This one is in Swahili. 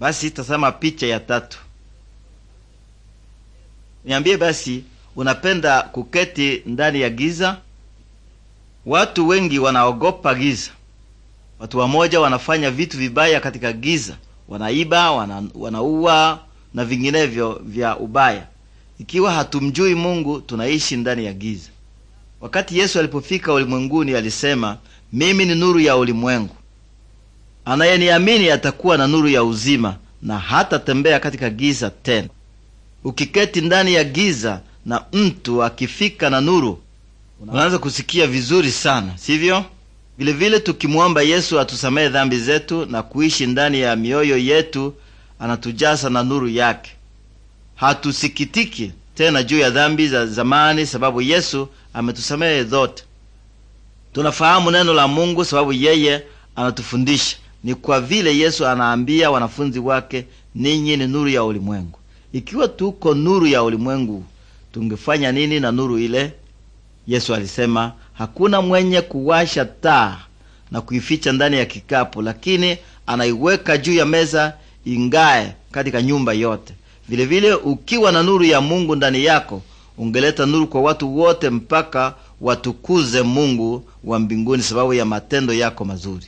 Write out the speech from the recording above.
Basi tazama picha ya tatu. Niambie basi, unapenda kuketi ndani ya giza? Watu wengi wanaogopa giza. Watu wamoja wanafanya vitu vibaya katika giza, wanaiba, wana, wanaua na vinginevyo vya ubaya. Ikiwa hatumjui Mungu, tunaishi ndani ya giza. Wakati Yesu alipofika ulimwenguni, alisema mimi ni nuru ya ulimwengu. Anayeniamini atakuwa na nuru ya uzima na hata tembea katika giza tena. Ukiketi ndani ya giza na mtu akifika na nuru, unaanza kusikia vizuri sana, sivyo? Vilevile tukimwomba Yesu atusamehe dhambi zetu na kuishi ndani ya mioyo yetu, anatujasa na nuru yake. Hatusikitiki tena juu ya dhambi za zamani, sababu Yesu ametusamehe zote. Tunafahamu neno la Mungu sababu yeye anatufundisha. Ni kwa vile Yesu anaambia wanafunzi wake, ninyi ni nuru ya ulimwengu. Ikiwa tuko nuru ya ulimwengu, tungefanya nini na nuru ile? Yesu alisema, hakuna mwenye kuwasha taa na kuificha ndani ya kikapu, lakini anaiweka juu ya meza, ingae katika nyumba yote. Vilevile vile, ukiwa na nuru ya Mungu ndani yako ungeleta nuru kwa watu wote, mpaka watukuze Mungu wa mbinguni sababu ya matendo yako mazuri.